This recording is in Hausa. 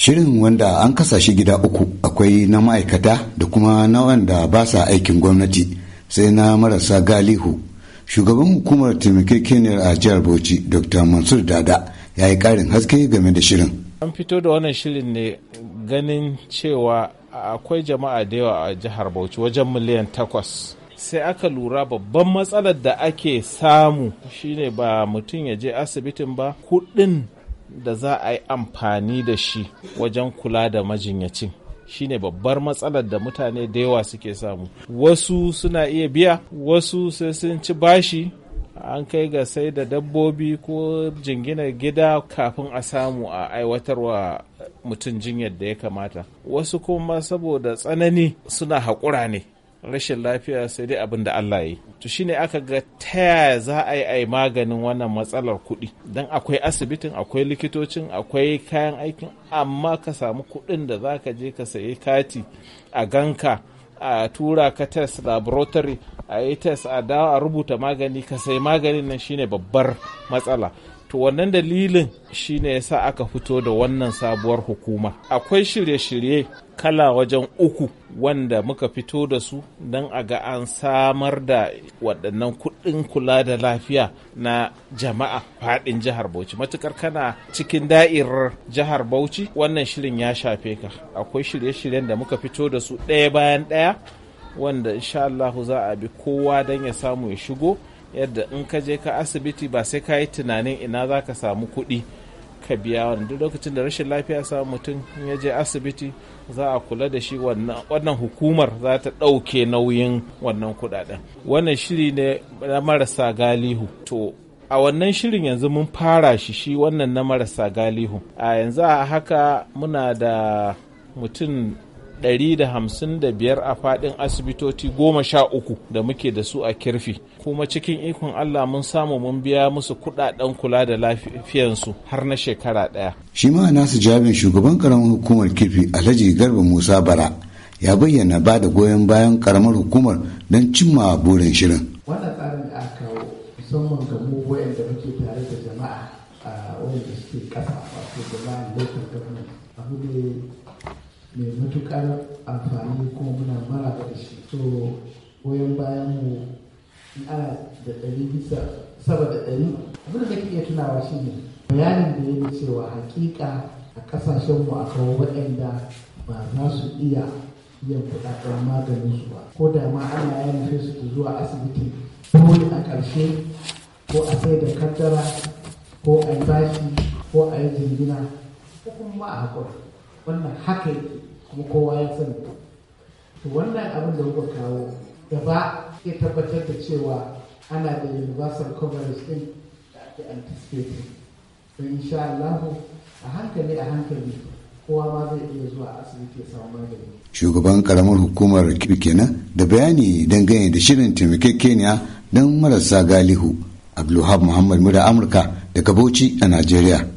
Shirin wanda an kasa shi gida uku akwai na ma'aikata da kuma na wanda ba sa aikin gwamnati sai na marasa galihu. Shugaban hukumar taimakekeniyar a jihar Bauchi Dr. Mansur Dada ya yi karin haske game da shirin. An fito da wannan shirin ne ganin cewa akwai jama'a da yawa a jihar Bauchi wajen miliyan takwas. sai aka lura babban matsalar da ake samu shine ba mutum ya je asibitin ba kuɗin. da za a yi amfani da shi wajen kula da majinyacin shine babbar matsalar da mutane da yawa suke samu wasu suna iya biya wasu sai sun ci bashi an kai ga sai da dabbobi ko jinginar gida kafin a samu a aiwatarwa mutum jinyar da ya kamata wasu kuma saboda tsanani suna haƙura ne rashin lafiya sai dai abin da Allah yi to shine aka ga ta yaya za a yi yi maganin wannan matsalar kuɗi don akwai asibitin akwai likitocin akwai kayan aikin amma ka samu kuɗin da za ka je ka sayi kati a ganka a tura ka test laboratory a yi test a dawo a rubuta magani ka sayi maganin nan shine babbar matsala to wannan dalilin shine yasa aka fito da wannan sabuwar hukuma akwai shirye-shirye kala wajen uku wanda muka fito da su don a ga an samar da waɗannan kuɗin kula da lafiya na jama'a faɗin jihar bauchi matukar kana cikin da'irar jihar bauchi wannan shirin ya shafe ka akwai shirye-shiryen da muka fito da su ɗaya bayan ɗaya wanda insha Allah za a bi kowa don ya samu ya shigo yadda in ka je ka asibiti ba sai ka yi tunanin ina za ka samu kuɗi ka biya wani duk lokacin da rashin lafiya samu mutum in ya je asibiti za a kula da shi wannan hukumar za ta ɗauke nauyin wannan kuɗaɗen wannan shiri ne na marasa galihu to a wannan shirin yanzu mun fara shi shi wannan na marasa galihu a yanzu a haka muna da mutum 155 a fadin asibitoci 13 da muke da su a kirfi kuma cikin ikon Allah mun samu mun biya musu kuɗaɗen kula da lafiyansu har na shekara ɗaya. Shi ma nasu jami'in shugaban ƙaramar hukumar kirfi Alhaji Garba Musa Bara ya bayyana ba da goyon bayan karamar hukumar don cimma burin shirin. Wannan tsarin da aka kawo musamman ga mu wayanda muke tare da jama'a a suke wato jama'a lokacin abu ne mai matukar amfani kuma muna mara da shi so goyon bayan mu ana da ɗari bisa saba da ɗari abin da iya tunawa shi ne bayanin da ya cewa hakika a ƙasashen mu kawo waɗanda ba za su iya yin kuɗaɗen maganin su ba ko da ma ana yin su zuwa asibiti dole a ƙarshe ko a sai da kaddara ko a yi bashi ko a yi jingina ko kuma a haƙura wannan haka kuma kowa ya sani to wannan abin da kuka kawo ba ya tabbatar da cewa ana da universal coverage din da ake anticipating to insha Allah a hankali a hankali kowa ma zai iya zuwa asibiti ya samu magani shugaban karamar hukumar kenan da bayani dangane da shirin taimakekeniya don marasa galihu abdulhab muhammad mura amurka daga bauchi a najeriya